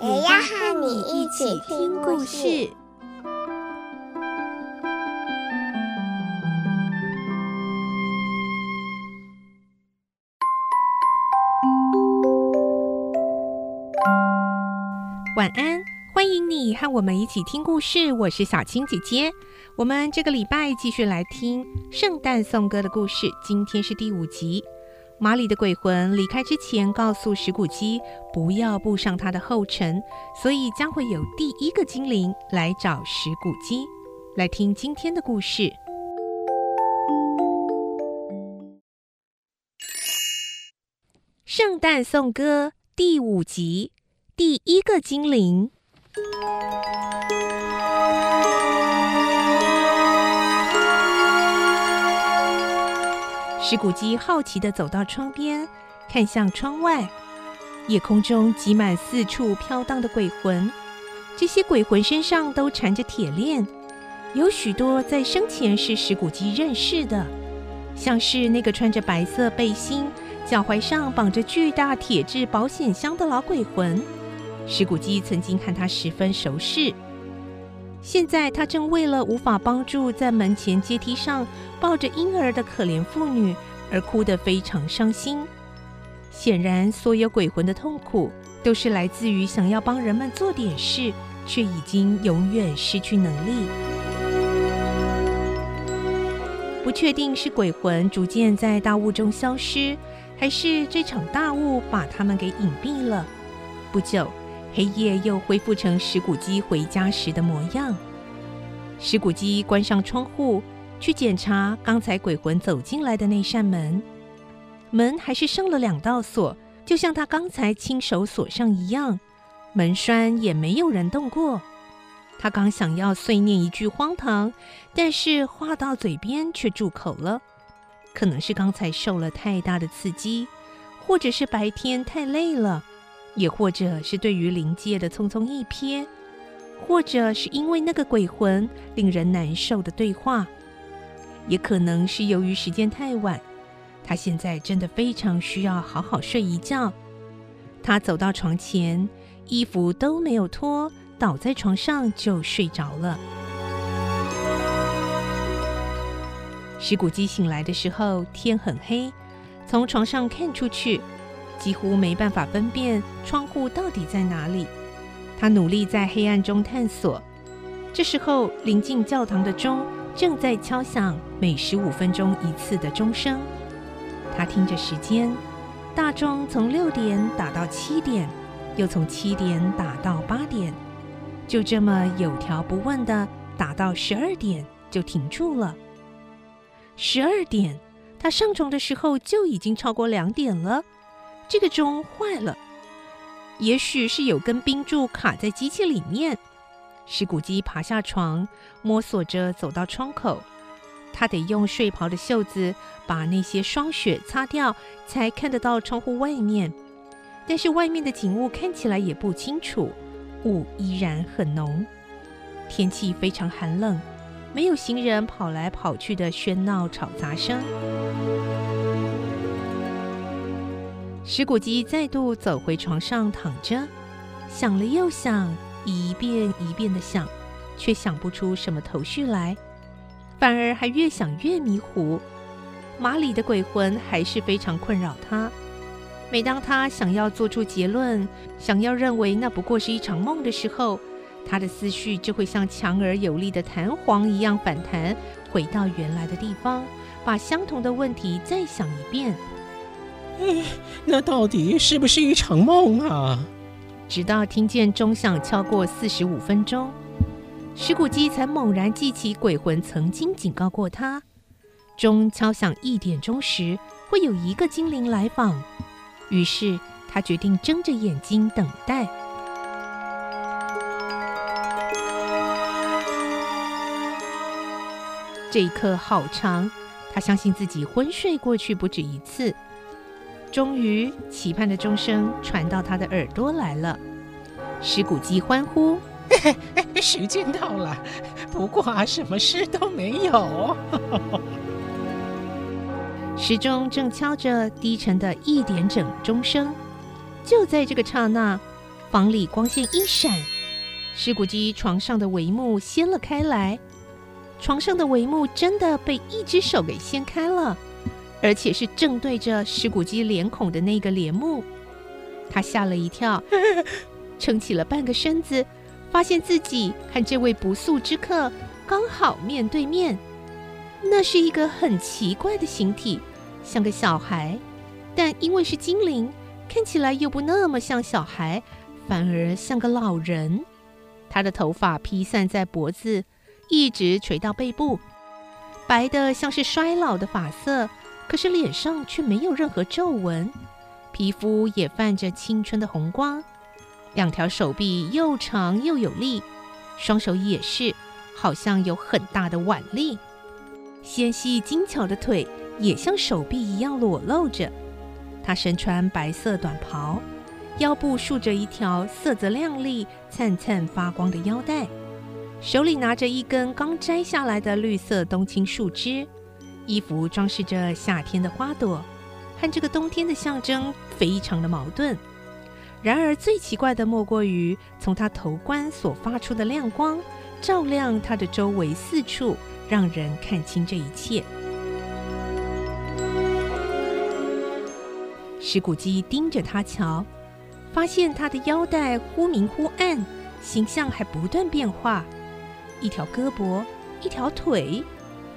也要和你一起聽故事。晚安，歡迎你和我們一起聽故事。我是小青姐姐，我們這個禮拜繼續來聽聖誕頌歌的故事。今天是第五集。馬裡的鬼魂離開之前，告訴史古基不要步上他的後塵，所以將會有第一個精靈來找史古基。來聽今天的故事，《聖誕頌歌》第五集，第一個精靈。石古基好奇地走到窗邊，看向窗外。夜空中擠滿四處飄蕩的鬼魂，這些鬼魂身上都纏着鐵鏈。有許多在生前是史古基認識的，像是那個穿着白色背心、腳踝上綁着巨大鐵質保險箱的老鬼魂。史古基曾經看他十分熟識。現在他正為了無法幫助在門前階梯上抱着嬰兒的可憐婦女而哭得非常傷心。顯然，所有鬼魂的痛苦都是來自於想要幫人們做點事，卻已經永遠失去能力。不確定是鬼魂逐漸在大霧中消失，還是這場大霧把他們給隱蔽了。不久。黑夜又恢復成史古基回家時的模樣。史古基關上窗戶，去檢查剛才鬼魂走進來的那扇門。門還是上了兩道鎖，就像他剛才親手鎖上一樣。門栓也沒有人動過。他剛想要碎念一句荒唐，但是話到嘴邊卻住口了。可能是剛才受了太大的刺激，或者是白天太累了。也或者是對於靈界的匆匆一瞥，或者是因為那個鬼魂令人難受的對話，也可能是由於時間太晚，他現在真的非常需要好好睡一覺。他走到床前，衣服都沒有脫，倒在床上就睡着了。史古基醒來的時候，天很黑，從床上看出去。幾乎沒辦法分辨窗戶到底在哪裡。他努力在黑暗中探索。這時候，鄰近教堂的鐘正在敲響每十五分鐘一次的鐘聲。他聽着時間，大鐘從六點打到七點，又從七點打到八點，就這麼有條不紊地打到十二點就停住了。十二點，他上床的時候就已經超過兩點了。這個鐘壞了，也許是有根冰柱卡在機器裡面。史古基爬下床，摸索着走到窗口。他得用睡袍的袖子把那些霜雪擦掉，才看得到窗戶外面。但是外面的景物看起來也不清楚，霧依然很濃，天氣非常寒冷，沒有行人跑來跑去的喧鬧吵雜聲。史古基再度走回床上躺着，想了又想，一遍一遍的想，卻想不出什麼頭緒來，反而還越想越迷糊。馬里的鬼魂還是非常困擾他。每當他想要做出結論，想要認為那不過是一場夢的時候，他的思緒就會像強而有力的彈簧一樣反彈，回到原來的地方，把相同的問題再想一遍。哎，那到底是不是一場夢啊？直到聽見鐘響敲過四十五分鐘，史古基才猛然記起鬼魂曾經警告過他：鐘敲響一點鐘時，會有一個精靈來訪。於是他決定睜着眼睛等待。這一刻好長，他相信自己昏睡過去不止一次。終於，期盼的鐘聲傳到他的耳朵來了。史古基歡呼：“時間到了！”不過啊，什麼事都沒有。時鐘正敲着低沉的一點整鐘聲。就在這個剎那，房裡光線一閃，史古基床上的帷幕掀了開來。床上的帷幕真的被一隻手給掀開了。而且是正對着史古基臉孔的那個簾幕，他嚇了一跳，撐起了半個身子，發現自己和這位不速之客剛好面對面。那是一個很奇怪的形體，像個小孩，但因為是精靈，看起來又不那麼像小孩，反而像個老人。他的頭髮披散在脖子，一直垂到背部，白的像是衰老的髮色。可是臉上卻沒有任何皺紋，皮膚也泛着青春的紅光，兩條手臂又長又有力，雙手也是，好像有很大的腕力，纖細精巧的腿也像手臂一樣裸露着。他身穿白色短袍，腰部束着一條色澤亮麗、燦燦發光的腰帶，手裡拿着一根剛摘下來的綠色冬青樹枝。衣服裝飾着夏天的花朵，和這個冬天的象徵非常的矛盾。然而最奇怪的莫過於從他頭冠所發出的亮光，照亮他的周圍四處，讓人看清這一切。史古基盯着他瞧，發現他的腰帶忽明忽暗，形象還不斷變化。一條胳膊，一條腿，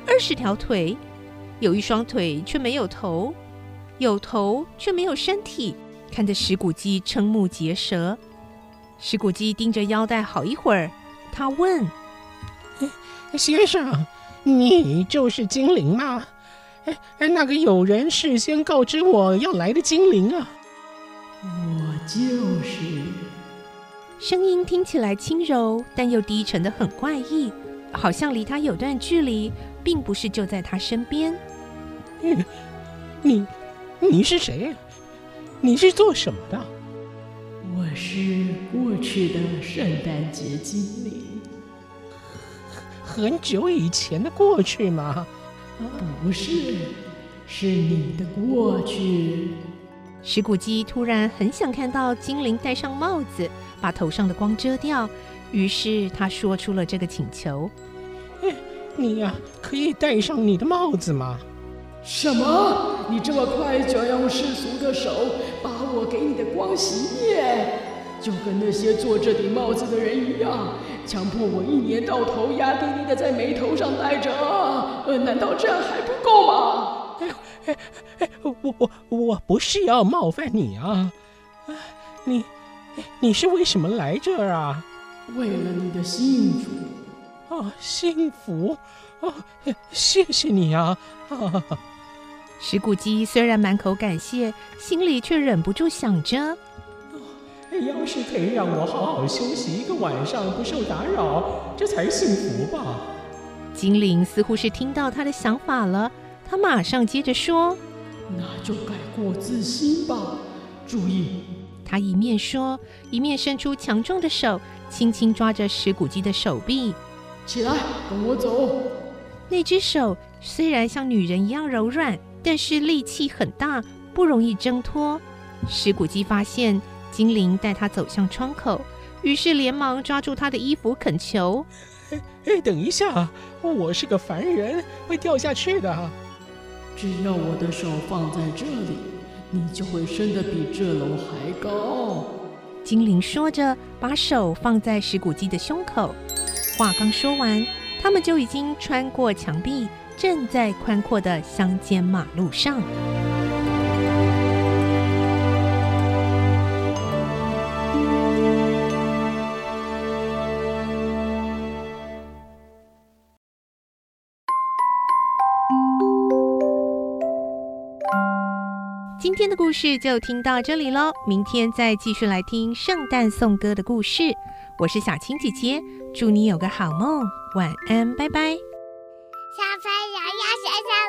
二十條腿。有一雙腿卻沒有頭，有頭卻沒有身體，看得史古基瞠目結舌。史古基盯着腰帶好一會兒，他問：“先生，你就是精靈嗎？哎哎，那個有人事先告知我要來的精靈啊？”我就是。聲音聽起來輕柔，但又低沉得很怪異，好像離他有段距離，並不是就在他身邊。你、嗯、你，你是誰？你是做什麼的？我是過去的聖誕節精靈。很久以前的過去嗎？不是，是你的過去。史古基突然很想看到精靈戴上帽子，把頭上的光遮掉，於是他說出了這個請求：“哎、你呀、啊，可以戴上你的帽子嗎？”什麼？你這麼快就要用世俗的手把我給你的光熄滅？就跟那些做這頂帽子的人一樣，強迫我一年到頭壓低低的在眉頭上戴着啊。難道這樣還不夠嗎？哎呦，哎哎，我我我不是要冒犯你啊！你，你是為什麼來這兒啊？為了你的幸福。啊，幸福！啊，謝謝你啊！啊哈哈。史古基雖然滿口感謝，心裡卻忍不住想着，哎：“要是可以讓我好好休息一個晚上，不受打擾，這才幸福吧。”精靈似乎是聽到他的想法了，他馬上接着說：“那就改過自新吧，注意。”他一面說，一面伸出強壯的手，輕輕抓着史古基的手臂：“起來，跟我走。”那只手雖然像女人一樣柔軟。但是力氣很大，不容易掙脫。史古基發現精靈帶他走向窗口，於是連忙抓住他的衣服，懇求：“誒誒，等一下，我是個凡人，會掉下去的。只要我的手放在這裡，你就會升得比這樓還高。”精靈說着，把手放在史古基的胸口。話剛說完，他們就已經穿過牆壁。正在寬闊的鄉間馬路上。今天的故事就聽到這裡嘍，明天再繼續來聽聖誕頌歌的故事。我是小青姐姐，祝你有個好夢，晚安，拜拜。小朋友要